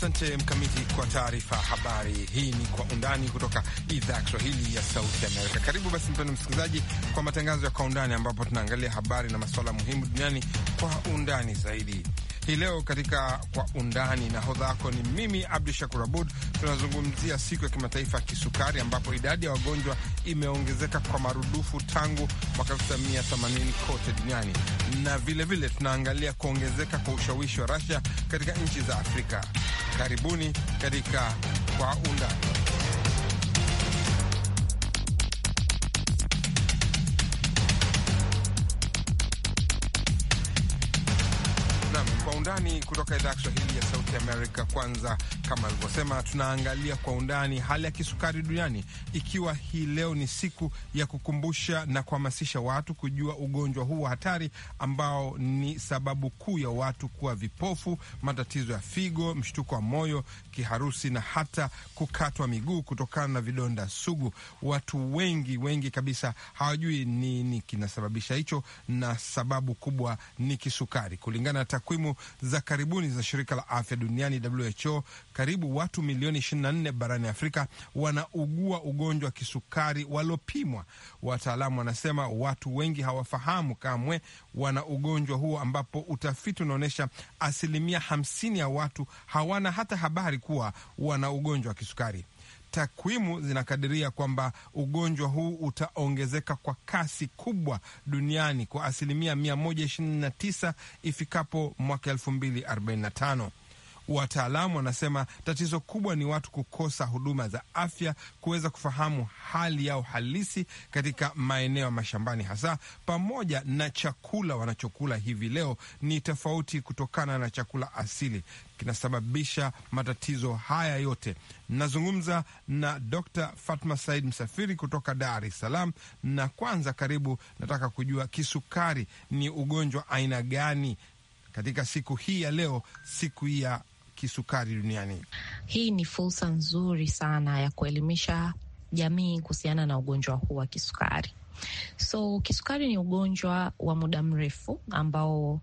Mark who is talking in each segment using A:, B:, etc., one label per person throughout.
A: Asante Mkamiti kwa taarifa habari. Hii ni Kwa Undani kutoka idhaa ya Kiswahili ya Sauti Amerika. Karibu basi, mpendo msikilizaji, kwa matangazo ya Kwa Undani ambapo tunaangalia habari na masuala muhimu duniani kwa undani zaidi. Hii leo katika Kwa Undani na hodha ni mimi Abdu Shakur Abud. Tunazungumzia siku ya kimataifa ya kisukari, ambapo idadi ya wagonjwa imeongezeka kwa marudufu tangu mwaka 1980 kote duniani, na vilevile tunaangalia kuongezeka kwa ushawishi wa Rasia katika nchi za Afrika. Karibuni katika Kwa Undani. Kwa Undani kutoka idhaa ya Kiswahili ya Sauti Amerika. Kwanza, kama alivyosema, tunaangalia kwa undani hali ya kisukari duniani, ikiwa hii leo ni siku ya kukumbusha na kuhamasisha watu kujua ugonjwa huu wa hatari ambao ni sababu kuu ya watu kuwa vipofu, matatizo ya figo, mshtuko wa moyo, kiharusi na hata kukatwa miguu kutokana na vidonda sugu. Watu wengi wengi kabisa hawajui nini kinasababisha hicho, na sababu kubwa ni kisukari kulingana na takwimu za karibuni za shirika la afya duniani WHO, karibu watu milioni 24 barani Afrika wanaugua ugonjwa wa kisukari waliopimwa. Wataalamu wanasema watu wengi hawafahamu kamwe wana ugonjwa huo, ambapo utafiti unaonyesha asilimia 50 ya watu hawana hata habari kuwa wana ugonjwa wa kisukari takwimu zinakadiria kwamba ugonjwa huu utaongezeka kwa kasi kubwa duniani kwa asilimia 129 ifikapo mwaka 2045. Wataalamu wanasema tatizo kubwa ni watu kukosa huduma za afya, kuweza kufahamu hali yao halisi katika maeneo ya mashambani, hasa pamoja na chakula wanachokula hivi leo ni tofauti kutokana na chakula asili kinasababisha matatizo haya yote. Nazungumza na Dr. Fatma Said Msafiri kutoka Dar es Salaam, na kwanza karibu, nataka kujua kisukari ni ugonjwa aina gani katika siku hii ya leo, siku ya kisukari duniani.
B: Hii ni fursa nzuri sana ya kuelimisha jamii kuhusiana na ugonjwa huu wa kisukari. So kisukari ni ugonjwa wa muda mrefu ambao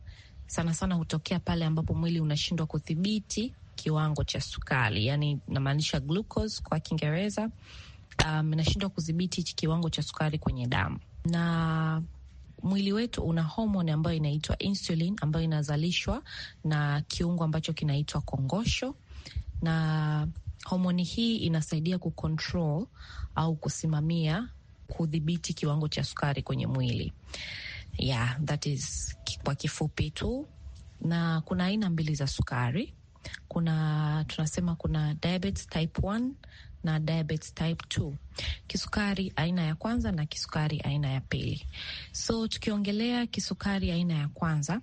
B: sana sana hutokea pale ambapo mwili unashindwa kudhibiti kiwango cha sukari, yani namaanisha glucose kwa Kiingereza. Um, inashindwa kudhibiti kiwango cha sukari kwenye damu na mwili wetu una homoni ambayo inaitwa insulin ambayo inazalishwa na kiungo ambacho kinaitwa kongosho, na homoni hii inasaidia kucontrol au kusimamia, kudhibiti kiwango cha sukari kwenye mwili. Yeah, that is kwa kifupi tu. Na kuna aina mbili za sukari, kuna tunasema kuna diabetes type na diabetes type 2, kisukari aina ya kwanza na kisukari aina ya pili. So tukiongelea kisukari aina ya kwanza,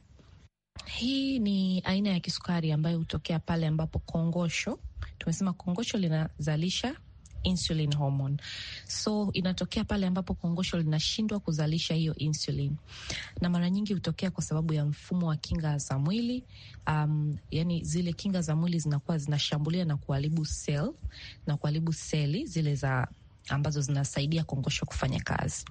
B: hii ni aina ya kisukari ambayo hutokea pale ambapo kongosho, tumesema kongosho linazalisha insulin hormone. So inatokea pale ambapo kongosho linashindwa kuzalisha hiyo insulin, na mara nyingi hutokea kwa sababu ya mfumo wa kinga za mwili um, yani zile kinga za mwili zinakuwa zinashambulia na kuharibu sel na kuharibu seli zile za ambazo zinasaidia kongosho kufanya kazi.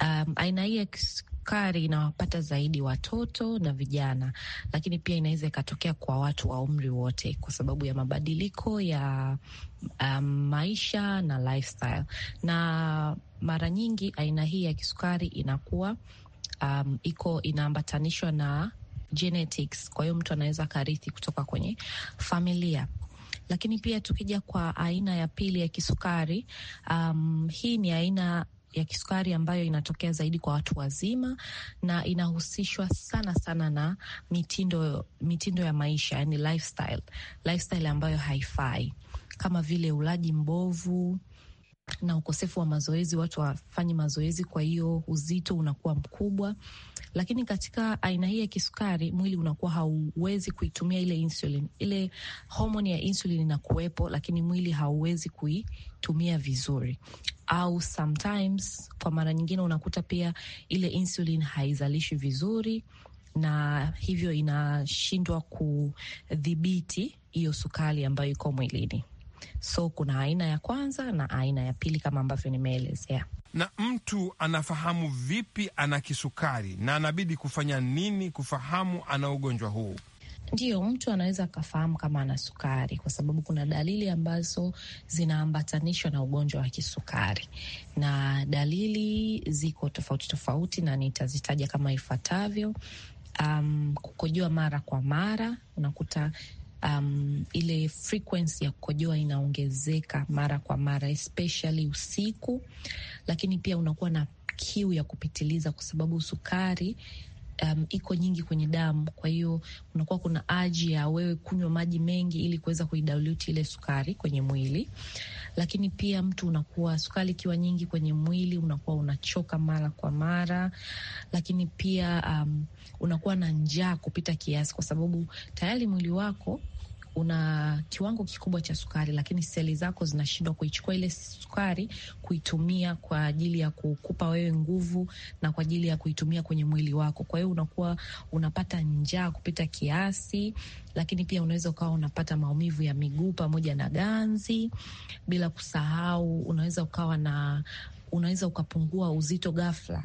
B: Um, aina hii ya kisukari inawapata zaidi watoto na vijana, lakini pia inaweza ikatokea kwa watu wa umri wote kwa sababu ya mabadiliko ya um, maisha na lifestyle. Na mara nyingi aina hii ya kisukari inakuwa um, iko inaambatanishwa na genetics. Kwa hiyo mtu anaweza karithi kutoka kwenye familia. Lakini pia tukija kwa aina ya pili ya kisukari, um, hii ni aina ya kisukari ambayo inatokea zaidi kwa watu wazima na inahusishwa sana sana na mitindo, mitindo ya maisha yani lifestyle, lifestyle ambayo haifai kama vile ulaji mbovu na ukosefu wa mazoezi, watu wafanyi mazoezi, kwa hiyo uzito unakuwa mkubwa. Lakini katika aina hii ya kisukari, mwili unakuwa hauwezi kuitumia ile insulin. Ile homoni ya insulin inakuwepo, lakini mwili hauwezi kuitumia vizuri, au sometimes, kwa mara nyingine unakuta pia ile insulin haizalishi vizuri na hivyo inashindwa kudhibiti hiyo sukari ambayo iko mwilini. So kuna aina ya kwanza na aina ya pili kama ambavyo nimeelezea.
C: Na
A: mtu anafahamu vipi ana kisukari na anabidi kufanya nini kufahamu ana ugonjwa huu?
B: Ndiyo, mtu anaweza akafahamu kama ana sukari, kwa sababu kuna dalili ambazo zinaambatanishwa na ugonjwa wa kisukari, na dalili ziko tofauti tofauti, na nitazitaja kama ifuatavyo: um, kukojoa mara kwa mara, unakuta um, ile frequency ya kukojoa inaongezeka mara kwa mara especially usiku, lakini pia unakuwa na kiu ya kupitiliza kwa sababu sukari um, iko nyingi kwenye damu, kwa hiyo kunakuwa kuna aji ya wewe kunywa maji mengi ili kuweza kuidaluti ile sukari kwenye mwili. Lakini pia mtu unakuwa, sukari ikiwa nyingi kwenye mwili, unakuwa unachoka mara kwa mara, lakini pia um, unakuwa na njaa kupita kiasi, kwa sababu tayari mwili wako una kiwango kikubwa cha sukari, lakini seli zako zinashindwa kuichukua ile sukari kuitumia kwa ajili ya kukupa wewe nguvu na kwa ajili ya kuitumia kwenye mwili wako. Kwa hiyo unakuwa unapata njaa kupita kiasi, lakini pia unaweza ukawa unapata maumivu ya miguu pamoja na ganzi, bila kusahau unaweza ukawa na unaweza ukapungua uzito ghafla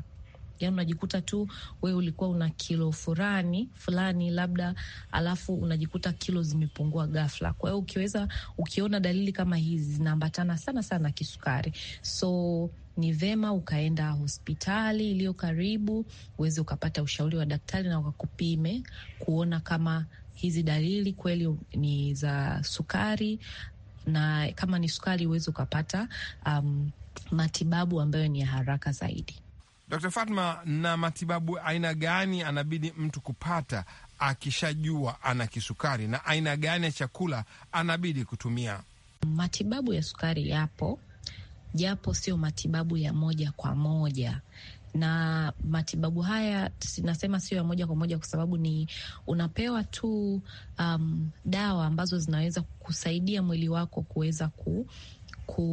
B: yani unajikuta tu wewe ulikuwa una kilo fulani fulani labda, alafu unajikuta kilo zimepungua ghafla. Kwa hiyo ukiweza, ukiona dalili kama hizi zinaambatana sana sana kisukari, so ni vema ukaenda hospitali iliyo karibu uweze ukapata ushauri wa daktari na wakupime kuona kama hizi dalili kweli ni za sukari, na kama ni sukari uweze ukapata um, matibabu ambayo ni ya haraka zaidi.
A: Dr. Fatma, na matibabu aina gani anabidi mtu kupata akishajua ana kisukari na aina gani ya chakula anabidi kutumia?
B: Matibabu ya sukari yapo, japo sio matibabu ya moja kwa moja na matibabu haya nasema sio ya moja kwa moja, kwa sababu ni unapewa tu um, dawa ambazo zinaweza kusaidia mwili wako kuweza ku ku,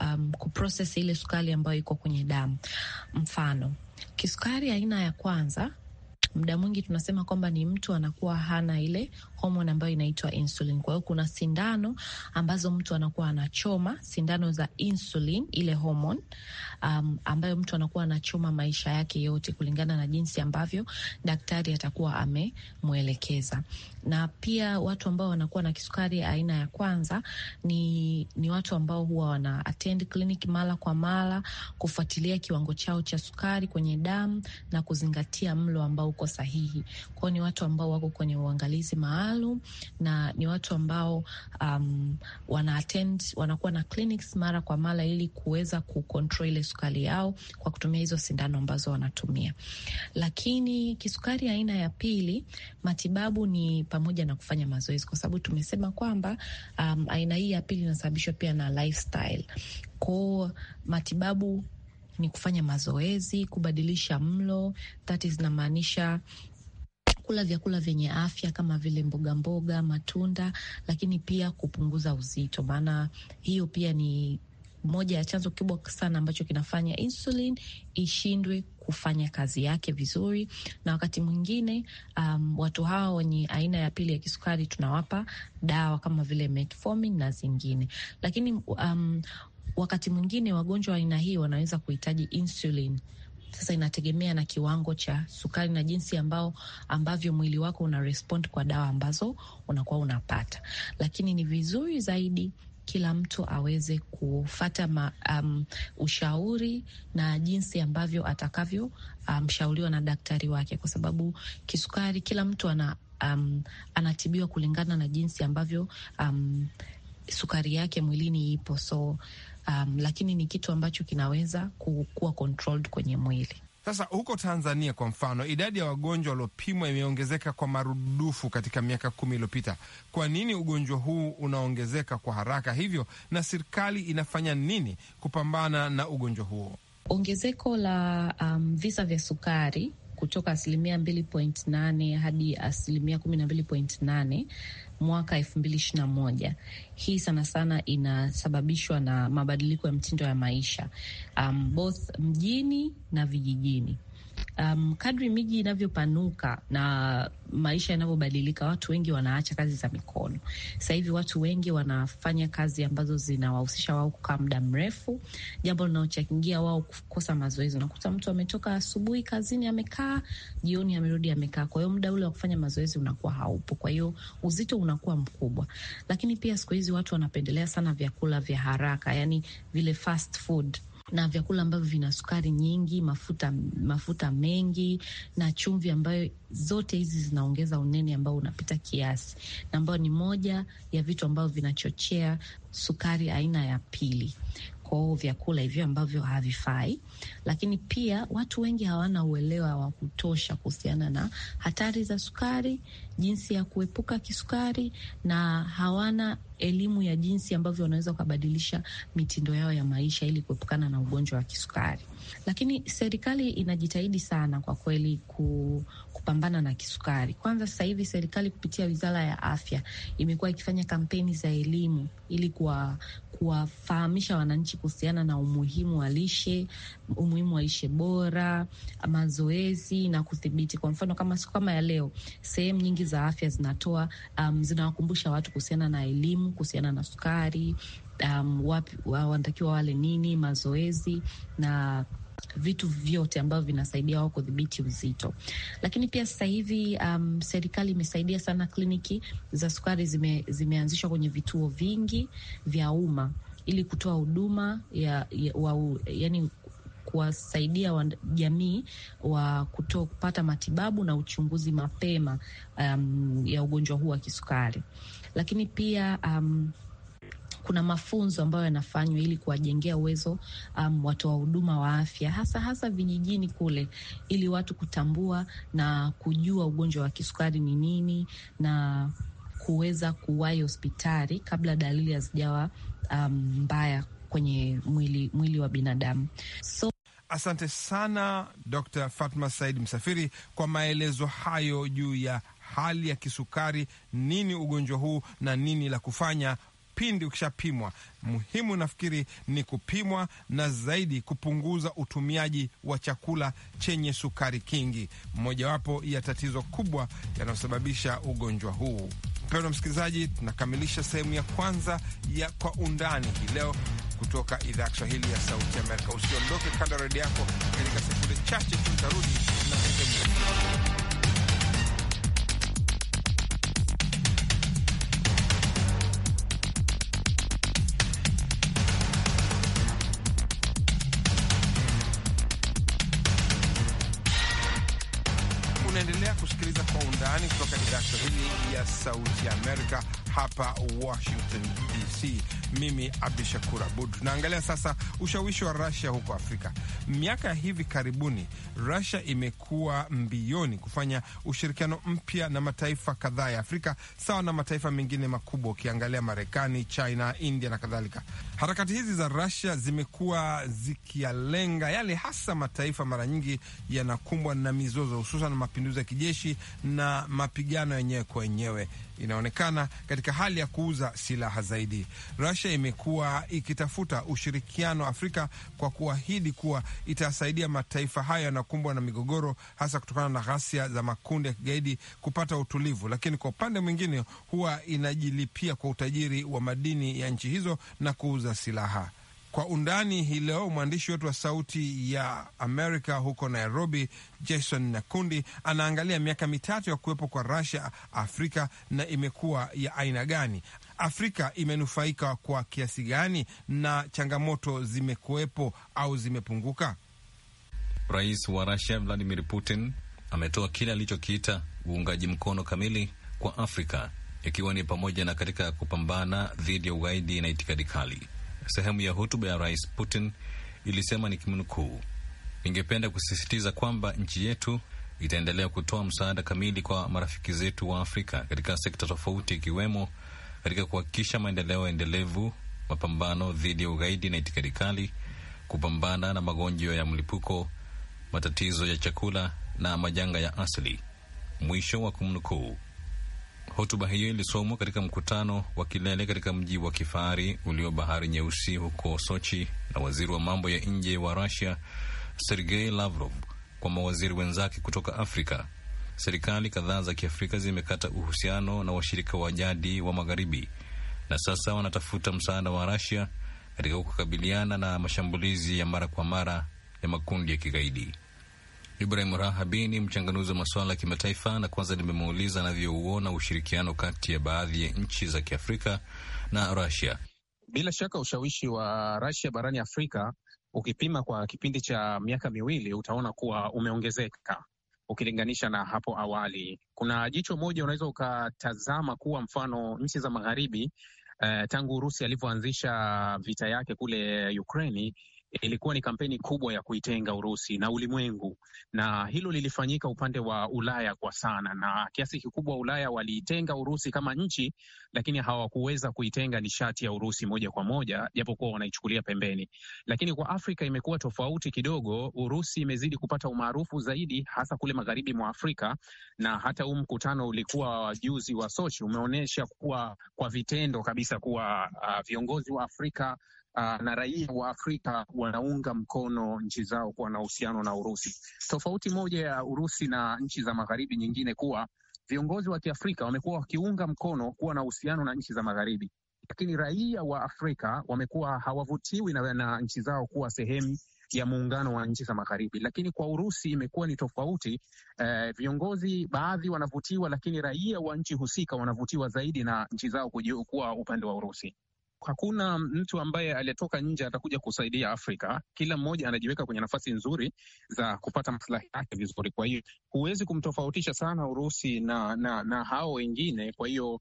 B: um, kuproses ile sukari ambayo iko kwenye damu. Mfano, kisukari aina ya kwanza muda mwingi tunasema kwamba ni mtu anakuwa hana ile homoni ambayo inaitwa insulin. Kwa hiyo kuna sindano ambazo mtu anakuwa anachoma, sindano za insulin, ile homoni um, ambayo mtu anakuwa anachoma maisha yake yote kulingana na jinsi ambavyo daktari atakuwa amemwelekeza na pia watu ambao wanakuwa na kisukari aina ya kwanza ni, ni watu ambao huwa wana attend clinic mara kwa mara kufuatilia kiwango chao cha sukari kwenye damu na kuzingatia mlo ambao uko sahihi. Kwao ni watu ambao wako kwenye uangalizi maalum na ni watu ambao um, wana attend, wanakuwa na clinics mara kwa mara ili kuweza kucontrol ile sukari yao kwa kutumia hizo sindano ambazo wanatumia. Lakini kisukari aina ya pili matibabu ni pamoja na kufanya mazoezi, kwa sababu tumesema kwamba um, aina hii ya pili inasababishwa pia na lifestyle. Kwao matibabu ni kufanya mazoezi, kubadilisha mlo, that is kula vyakula vyenye afya kama vile mboga mboga, matunda, lakini pia kupunguza uzito, maana hiyo pia ni moja ya chanzo kikubwa sana ambacho kinafanya insulin ishindwe kufanya kazi yake vizuri, na wakati mwingine um, watu hawa wenye aina ya pili ya kisukari tunawapa dawa kama vile metformin na zingine, lakini um, wakati mwingine wagonjwa wa aina hii wanaweza kuhitaji insulin. Sasa inategemea na kiwango cha sukari na jinsi ambao ambavyo mwili wako una respond kwa dawa ambazo unakuwa unapata, lakini ni vizuri zaidi kila mtu aweze kufata ma, um, ushauri na jinsi ambavyo atakavyo mshauriwa um, na daktari wake, kwa sababu kisukari kila mtu ana, um, anatibiwa kulingana na jinsi ambavyo um, sukari yake mwilini ipo so um, lakini ni kitu ambacho kinaweza kuwa controlled kwenye mwili.
A: Sasa huko Tanzania kwa mfano, idadi ya wagonjwa waliopimwa imeongezeka kwa marudufu katika miaka kumi iliyopita. Kwa nini ugonjwa huu unaongezeka kwa haraka hivyo, na serikali inafanya nini kupambana na ugonjwa huo?
B: Ongezeko la um, visa vya sukari kutoka asilimia 2.8 hadi asilimia 12.8 mwaka 2021. Hii sana sana inasababishwa na mabadiliko ya mtindo ya maisha um, both mjini na vijijini um, kadri miji inavyopanuka na maisha yanavyobadilika, watu wengi wanaacha kazi za mikono. Sasa hivi watu wengi wanafanya kazi ambazo zinawahusisha wao kukaa muda mrefu, jambo linalochangia wao kukosa mazoezi. Unakuta mtu ametoka asubuhi kazini amekaa, jioni amerudi amekaa, kwa hiyo muda ule wa kufanya mazoezi unakuwa haupo, kwa hiyo uzito unakuwa mkubwa. Lakini pia siku hizi watu wanapendelea sana vyakula vya haraka, yani vile fast food na vyakula ambavyo vina sukari nyingi, mafuta mafuta mengi na chumvi, ambayo zote hizi zinaongeza unene ambao unapita kiasi, na ambayo ni moja ya vitu ambavyo vinachochea sukari aina ya pili kwao vyakula hivyo ambavyo havifai. Lakini pia watu wengi hawana uelewa wa kutosha kuhusiana na hatari za sukari, jinsi ya kuepuka kisukari, na hawana elimu ya jinsi ambavyo wanaweza kubadilisha mitindo yao ya maisha ili kuepukana na ugonjwa wa kisukari. Lakini serikali inajitahidi sana kwa kweli ku, kupambana na kisukari. Kwanza sasa hivi serikali kupitia wizara ya afya imekuwa ikifanya kampeni za elimu ili kuwafahamisha wananchi kuhusiana na umuhimu wa lishe umuhimu wa ishe bora, mazoezi na kudhibiti. Kwa mfano kama siku kama ya leo, sehemu nyingi za afya zinatoa um, zinawakumbusha watu kuhusiana na elimu kuhusiana na sukari um, wanatakiwa wale nini, mazoezi na vitu vyote ambavyo vinasaidia wao kudhibiti uzito. Lakini pia sasa hivi um, serikali imesaidia sana, kliniki za sukari zime, zimeanzishwa kwenye vituo vingi vya umma ili kutoa huduma ya, ya, yani kuwasaidia jamii wa kuto, kupata matibabu na uchunguzi mapema um, ya ugonjwa huu wa kisukari, lakini pia um, kuna mafunzo ambayo yanafanywa ili kuwajengea uwezo um, watoa huduma wa afya hasa hasa vijijini kule, ili watu kutambua na kujua ugonjwa wa kisukari ni nini na kuweza kuwahi hospitali kabla dalili hazijawa um, mbaya kwenye mwili, mwili wa binadamu so
A: Asante sana Dr Fatma Said Msafiri kwa maelezo hayo juu ya hali ya kisukari, nini ugonjwa huu na nini la kufanya pindi ukishapimwa. Muhimu nafikiri ni kupimwa na zaidi kupunguza utumiaji wa chakula chenye sukari kingi, mojawapo ya tatizo kubwa yanayosababisha ugonjwa huu. Mpendwa msikilizaji, tunakamilisha sehemu ya kwanza ya Kwa Undani hii leo kutoka idhaa ya Kiswahili ya Sauti Amerika. Usiondoke kando redio yako, katika sekunde chache tu tarudi na sehemu kusikiliza kwa undani kutoka idhaa Kiswahili ya sauti ya Amerika hapa Washington DC. Mimi Abdu Shakur Abud. Tunaangalia sasa ushawishi wa rasia huko Afrika. Miaka ya hivi karibuni, rasia imekuwa mbioni kufanya ushirikiano mpya na mataifa kadhaa ya Afrika, sawa na mataifa mengine makubwa, ukiangalia Marekani, China, India na kadhalika. Harakati hizi za rasia zimekuwa zikiyalenga yale hasa mataifa mara nyingi yanakumbwa na mizozo, hususan mapinduzi ya kijeshi na mapigano yenyewe kwa wenyewe inaonekana katika hali ya kuuza silaha zaidi. rasia imekuwa ikitafuta ushirikiano Afrika kwa kuahidi kuwa itasaidia mataifa hayo yanakumbwa na migogoro, hasa kutokana na ghasia za makundi ya kigaidi kupata utulivu, lakini kwa upande mwingine huwa inajilipia kwa utajiri wa madini ya nchi hizo na kuuza silaha. Kwa undani hii leo, mwandishi wetu wa Sauti ya Amerika huko Nairobi, Jason Nakundi, anaangalia miaka mitatu ya kuwepo kwa Russia Afrika na imekuwa ya aina gani, Afrika imenufaika kwa kiasi gani, na changamoto zimekuwepo au zimepunguka.
D: Rais wa Russia Vladimir Putin ametoa kile alichokiita uungaji mkono kamili kwa Afrika, ikiwa ni pamoja na katika kupambana dhidi ya ugaidi na itikadi kali sehemu ya hotuba ya Rais Putin ilisema ni kimnukuu, ningependa kusisitiza kwamba nchi yetu itaendelea kutoa msaada kamili kwa marafiki zetu wa Afrika katika sekta tofauti, ikiwemo katika kuhakikisha maendeleo endelevu, mapambano dhidi ya ugaidi na itikadi kali, kupambana na magonjwa ya mlipuko, matatizo ya chakula na majanga ya asili. Mwisho wa kumnukuu. Hotuba hiyo ilisomwa katika mkutano wa kilele katika mji wa kifahari ulio bahari nyeusi huko Sochi na waziri wa mambo ya nje wa Rusia Sergei Lavrov kwa mawaziri wenzake kutoka Afrika. Serikali kadhaa za Kiafrika zimekata uhusiano na washirika wa jadi wa Magharibi na sasa wanatafuta msaada wa Rusia katika kukabiliana na mashambulizi ya mara kwa mara ya makundi ya kigaidi. Ibrahim Rahabi ni mchanganuzi wa masuala ya kimataifa, na kwanza nimemuuliza anavyouona ushirikiano kati ya baadhi ya nchi za Kiafrika na rasia
E: Bila shaka ushawishi wa rasia barani Afrika ukipima kwa kipindi cha miaka miwili utaona kuwa umeongezeka ukilinganisha na hapo awali. Kuna jicho moja unaweza ukatazama kuwa mfano nchi za magharibi eh, tangu Urusi alivyoanzisha vita yake kule Ukraini ilikuwa ni kampeni kubwa ya kuitenga Urusi na ulimwengu, na hilo lilifanyika upande wa Ulaya kwa sana, na kiasi kikubwa Ulaya waliitenga Urusi kama nchi, lakini hawakuweza kuitenga nishati ya Urusi moja kwa moja, japokuwa wanaichukulia pembeni. Lakini kwa Afrika imekuwa tofauti kidogo. Urusi imezidi kupata umaarufu zaidi, hasa kule magharibi mwa Afrika, na hata huu mkutano ulikuwa wajuzi juzi wa Sochi umeonyesha kuwa kwa vitendo kabisa kuwa uh, viongozi wa Afrika uh, na raia wa Afrika wanaunga mkono nchi zao kuwa na uhusiano na Urusi. Tofauti moja ya Urusi na nchi za magharibi nyingine kuwa viongozi wa Kiafrika wamekuwa wakiunga mkono kuwa na uhusiano na nchi za magharibi, lakini raia wa Afrika wamekuwa hawavutiwi na, na nchi zao kuwa sehemu ya muungano wa nchi za magharibi. Lakini kwa Urusi imekuwa ni tofauti. Eh, viongozi baadhi wanavutiwa, lakini raia wa nchi husika wanavutiwa zaidi na nchi zao kuwa upande wa Urusi. Hakuna mtu ambaye aliyetoka nje atakuja kusaidia Afrika. Kila mmoja anajiweka kwenye nafasi nzuri za kupata maslahi yake vizuri. Kwa hiyo huwezi kumtofautisha sana Urusi na, na, na hao wengine. Kwa hiyo uh,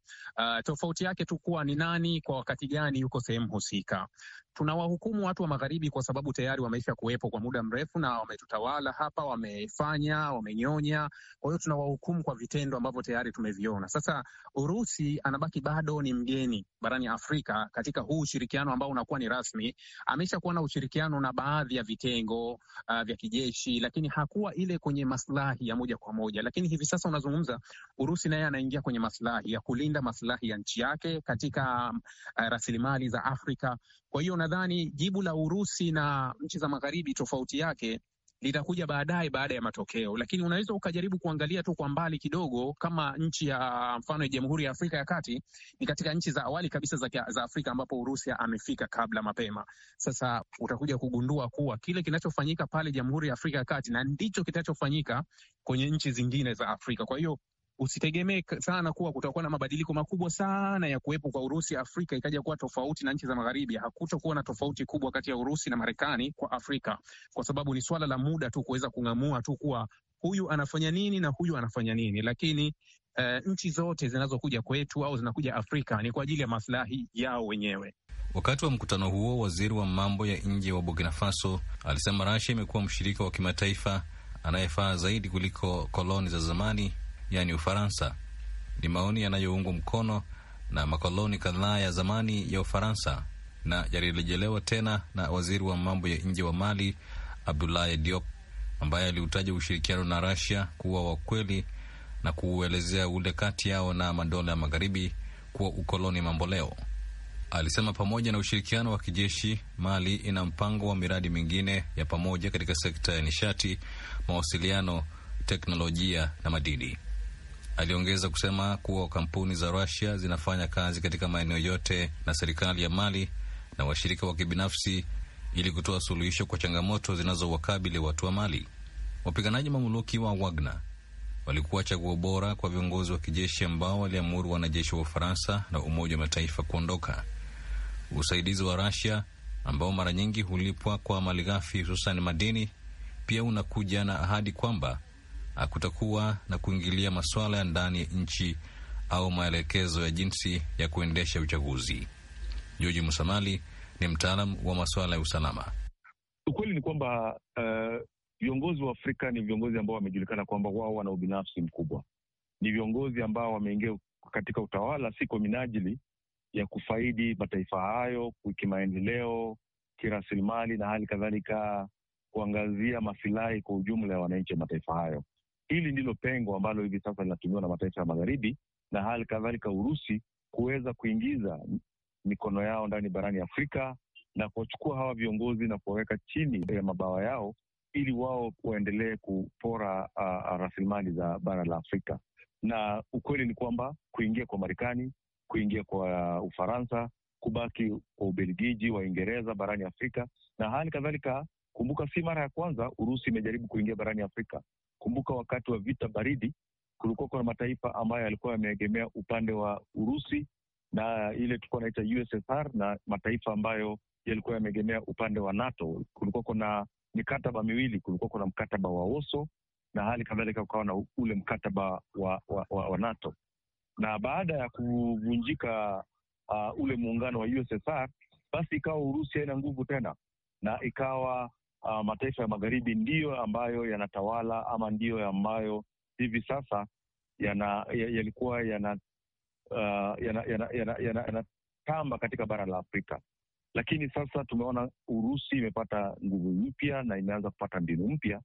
E: tofauti yake tu kuwa ni nani kwa wakati gani yuko sehemu husika. Tunawahukumu watu wa Magharibi kwa sababu tayari wameisha kuwepo kwa muda mrefu na wametutawala hapa, wamefanya, wamenyonya. Kwa hiyo tunawahukumu kwa vitendo ambavyo tayari tumeviona. Sasa Urusi anabaki bado ni mgeni barani Afrika katika huu ushirikiano ambao unakuwa ni rasmi, ameshakuwa na ushirikiano na baadhi ya vitengo uh, vya kijeshi, lakini hakuwa ile kwenye maslahi ya moja kwa moja. Lakini hivi sasa unazungumza, Urusi naye anaingia kwenye maslahi ya kulinda maslahi ya nchi yake katika um, uh, rasilimali za Afrika. Kwa hiyo nadhani jibu la Urusi na nchi za magharibi, tofauti yake litakuja baadaye baada ya matokeo, lakini unaweza ukajaribu kuangalia tu kwa mbali kidogo, kama nchi ya mfano ya Jamhuri ya Afrika ya Kati ni katika nchi za awali kabisa za, za Afrika ambapo Urusia amefika kabla mapema. Sasa utakuja kugundua kuwa kile kinachofanyika pale Jamhuri ya Afrika ya Kati na ndicho kitachofanyika kwenye nchi zingine za Afrika. Kwa hiyo usitegemee sana kuwa kutakuwa na mabadiliko makubwa sana ya kuwepo kwa Urusi Afrika ikaja kuwa tofauti na nchi za magharibi. Hakutakuwa na tofauti kubwa kati ya Urusi na Marekani kwa Afrika, kwa sababu ni swala la muda tu kuweza kung'amua tu kuwa huyu anafanya nini na huyu anafanya nini, lakini uh, nchi zote zinazokuja kwetu au zinakuja Afrika ni kwa ajili ya maslahi yao wenyewe.
D: Wakati wa mkutano huo, waziri wa mambo ya nje wa Burkina Faso alisema Rasia imekuwa mshirika wa kimataifa anayefaa zaidi kuliko koloni za zamani yaani Ufaransa. Ni maoni yanayoungwa mkono na makoloni kadhaa ya zamani ya Ufaransa na yalirejelewa tena na waziri wa mambo ya nje wa Mali Abdoulaye Diop ambaye aliutaja ushirikiano na Russia kuwa wa kweli na kuuelezea ule kati yao na madola ya magharibi kuwa ukoloni mamboleo. Alisema pamoja na ushirikiano wa kijeshi, Mali ina mpango wa miradi mingine ya pamoja katika sekta ya nishati, mawasiliano, teknolojia na madini. Aliongeza kusema kuwa kampuni za rasia zinafanya kazi katika maeneo yote na serikali ya Mali na washirika wa kibinafsi ili kutoa suluhisho kwa changamoto zinazowakabili watu wa Mali. Wapiganaji mamuluki wa Wagner walikuwa chaguo bora kwa viongozi wa kijeshi ambao waliamuru wanajeshi wa Ufaransa na Umoja wa Mataifa kuondoka. Usaidizi wa rasia ambao mara nyingi hulipwa kwa malighafi hususan madini, pia unakuja na ahadi kwamba kutakuwa na kuingilia masuala ya ndani ya nchi au maelekezo ya jinsi ya kuendesha uchaguzi. George Musamali ni mtaalam wa masuala ya usalama.
F: Ukweli ni kwamba eh, viongozi uh, wa Afrika ni viongozi ambao wamejulikana kwamba wao wana ubinafsi mkubwa. Ni viongozi ambao wameingia katika utawala si kwa minajili ya kufaidi mataifa hayo kimaendeleo, kirasilimali na hali kadhalika kuangazia masilahi kwa ujumla ya wananchi wa mataifa hayo. Hili ndilo pengo ambalo hivi sasa linatumiwa na mataifa ya magharibi na hali kadhalika Urusi kuweza kuingiza mikono yao ndani barani Afrika na kuwachukua hawa viongozi na kuwaweka chini ya mabawa yao ili wao waendelee kupora uh, rasilimali za bara la Afrika. Na ukweli ni kwamba kuingia kwa Marekani, kuingia kwa Ufaransa, kubaki kwa Ubelgiji, Waingereza barani Afrika na hali kadhalika, kumbuka, si mara ya kwanza Urusi imejaribu kuingia barani Afrika. Kumbuka wakati wa vita baridi kulikuwa kuna mataifa ambayo yalikuwa yameegemea upande wa Urusi na ile tulikuwa naita USSR na mataifa ambayo yalikuwa yameegemea upande wa NATO. Kulikuwa kuna mikataba miwili, kulikuwa kuna mkataba wa woso na hali kadhalika ukawa na ule mkataba wa, wa, wa, wa NATO. Na baada ya kuvunjika uh, ule muungano wa USSR, basi ikawa Urusi haina nguvu tena na ikawa uh, mataifa ya magharibi ndiyo ambayo yanatawala ama ndiyo ambayo hivi sasa yana, yalikuwa yana yanatamba ah, yana, yana, yana, yana katika bara la Afrika, lakini sasa tumeona Urusi imepata nguvu mpya na imeanza kupata mbinu mpya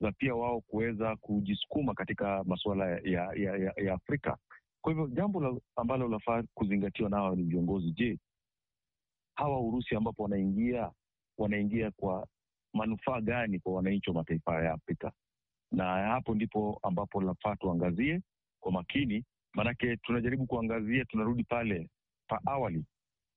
F: za pia wao kuweza kujisukuma katika masuala ya, ya, ya, ya Afrika. Kwa hivyo jambo la, ambalo linafaa kuzingatiwa nao ni viongozi. Je, hawa Urusi ambapo wanaingia wanaingia kwa manufaa gani kwa wananchi wa mataifa ya Afrika, na hapo ndipo ambapo nafaa tuangazie kwa makini, maanake tunajaribu kuangazia, tunarudi pale pa awali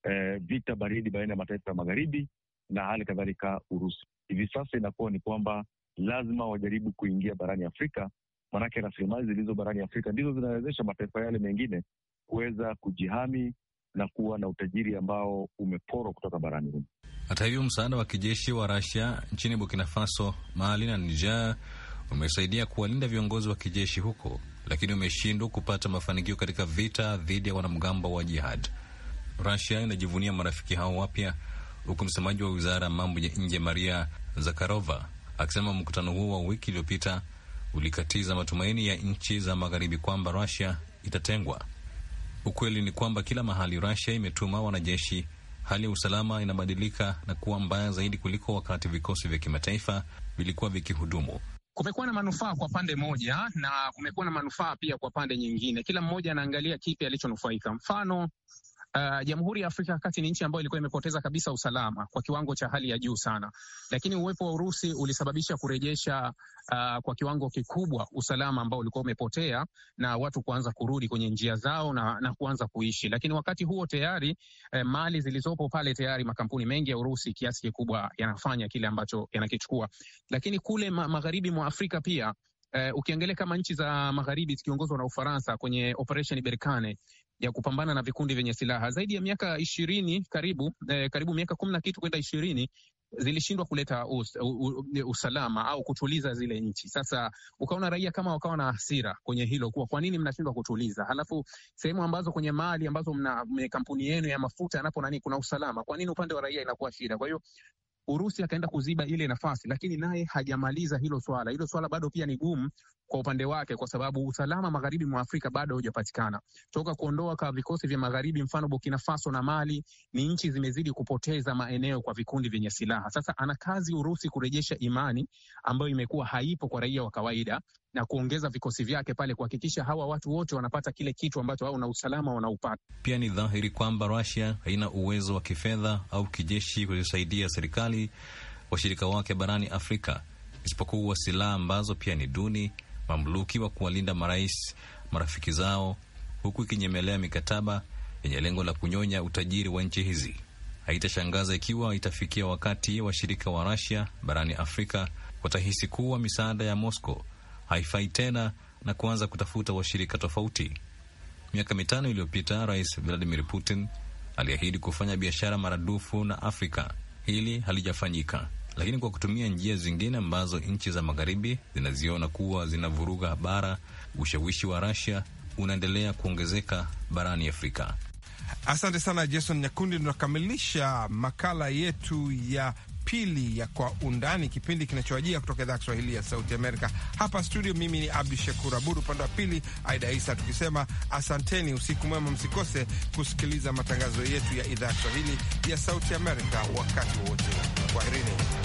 F: eh, vita baridi baina ya mataifa ya magharibi na hali kadhalika Urusi. Hivi sasa inakuwa ni kwamba lazima wajaribu kuingia barani Afrika, maanake rasilimali zilizo barani Afrika ndizo zinawezesha mataifa yale mengine kuweza kujihami na kuwa na utajiri ambao umeporwa kutoka barani humo.
D: Hata hivyo, msaada wa kijeshi wa Rasia nchini Burkina Faso, Mali na Niger umesaidia kuwalinda viongozi wa kijeshi huko, lakini umeshindwa kupata mafanikio katika vita dhidi ya wanamgambo wa jihad. Rasia inajivunia marafiki hao wapya, huku msemaji wa wizara ya mambo ya nje Maria Zakharova akisema mkutano huo wa wiki iliyopita ulikatiza matumaini ya nchi za magharibi kwamba Rasia itatengwa. Ukweli ni kwamba kila mahali Rasia imetuma wanajeshi hali ya usalama inabadilika na kuwa mbaya zaidi kuliko wakati vikosi vya kimataifa vilikuwa vikihudumu.
E: Kumekuwa na manufaa kwa pande moja na kumekuwa na manufaa pia kwa pande nyingine. Kila mmoja anaangalia kipi alichonufaika. Mfano, Uh, Jamhuri ya Afrika ya Kati ni nchi ambayo ilikuwa imepoteza kabisa usalama kwa kiwango cha hali ya juu sana, lakini uwepo wa Urusi ulisababisha kurejesha uh, kwa kiwango kikubwa usalama ambao ulikuwa umepotea na watu kuanza kurudi kwenye njia zao na, na kuanza kuishi. Lakini wakati huo tayari eh, mali zilizopo pale tayari makampuni mengi ya Urusi kiasi kikubwa yanafanya kile ambacho yanakichukua, lakini kule ma magharibi mwa Afrika pia Uh, ukiangalia kama nchi za magharibi zikiongozwa na Ufaransa kwenye operesheni Berkane ya kupambana na vikundi vyenye silaha zaidi ya miaka ishirini karibu eh, karibu miaka kumi na kitu kwenda ishirini zilishindwa kuleta us, u, usalama au kutuliza zile nchi. Sasa ukaona raia kama wakawa na hasira kwenye hilo, kuwa kwa nini mnashindwa kutuliza, halafu sehemu ambazo kwenye mali ambazo mna kampuni yenu ya mafuta anapo nani, kuna usalama, kwa nini upande wa raia inakuwa shida? Kwa hiyo Urusi akaenda kuziba ile nafasi, lakini naye hajamaliza hilo swala. Hilo swala bado pia ni gumu kwa upande wake, kwa sababu usalama magharibi mwa Afrika bado haujapatikana toka kuondoa kwa vikosi vya magharibi. Mfano Burkina Faso na Mali ni nchi zimezidi kupoteza maeneo kwa vikundi vyenye silaha. Sasa ana kazi Urusi kurejesha imani ambayo imekuwa haipo kwa raia wa kawaida na kuongeza vikosi vyake pale kuhakikisha hawa watu wote wanapata kile kitu ambacho wao na usalama wanaupata.
D: Pia ni dhahiri kwamba Russia haina uwezo wa kifedha au kijeshi kuzisaidia serikali washirika wake barani Afrika isipokuwa silaha ambazo pia ni duni mamluki wa kuwalinda marais, marafiki zao, huku ikinyemelea mikataba yenye lengo la kunyonya utajiri wa nchi hizi. Haitashangaza ikiwa itafikia wakati washirika wa, rasia barani Afrika watahisi kuwa misaada ya mosco haifai tena na kuanza kutafuta washirika tofauti. Miaka mitano iliyopita, Rais Vladimir Putin aliahidi kufanya biashara maradufu na Afrika. Hili halijafanyika lakini kwa kutumia njia zingine ambazo nchi za magharibi zinaziona kuwa zinavuruga bara. Ushawishi wa Russia unaendelea kuongezeka barani Afrika.
A: Asante sana Jason Nyakundi. Tunakamilisha makala yetu ya pili ya Kwa Undani, kipindi kinachoajia kutoka idhaa ya Kiswahili ya Sauti Amerika hapa studio. Mimi ni Abdu Shakur Abud, upande wa pili Aida Isa, tukisema asanteni, usiku mwema, msikose kusikiliza matangazo yetu ya idhaa ya Kiswahili ya Sauti Amerika wakati wowote. Kwaherini.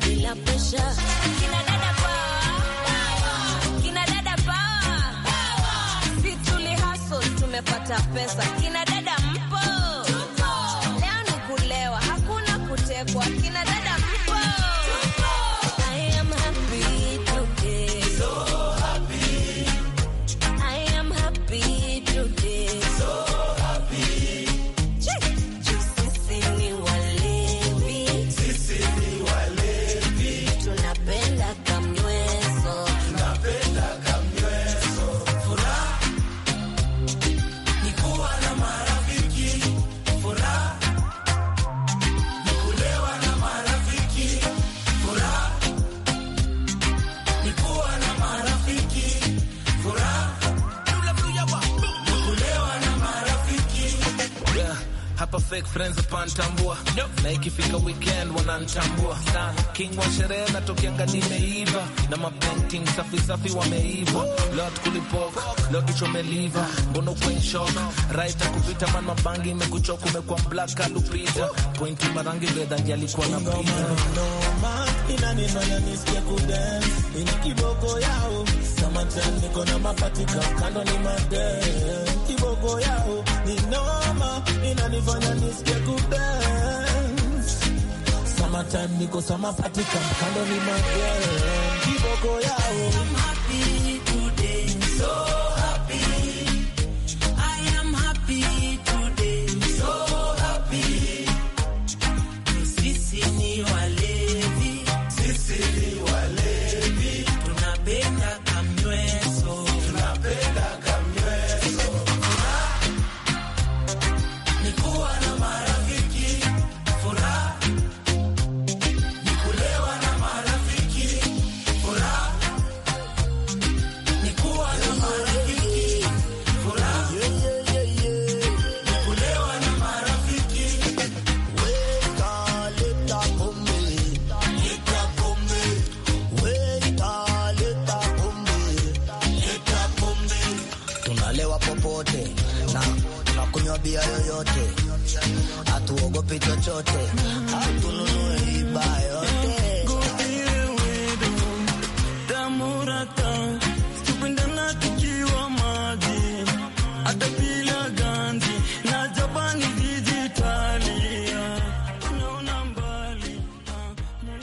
C: bila presha. Kina dada power, kina dada power, si tuli hustle tumepata pesa hapa fake friends panitambua na ikifika weekend wananitambua king wa sherehe na tokianga nimeiva na mapainting safi safi wameiva lot kulipoka lot uchomeliva mbono kwenye shock right akupita man mabangi imekuchoka umekuwa black alupita point marangi veda ndiye alikuwa na pita inanifanya nisikia kudance ina kiboko yao summertime niko na mapatika kando ni madance kiboko yao ni noma, inanifanya nisikie kudance. Summertime niko sama party kando ni magere kiboko yao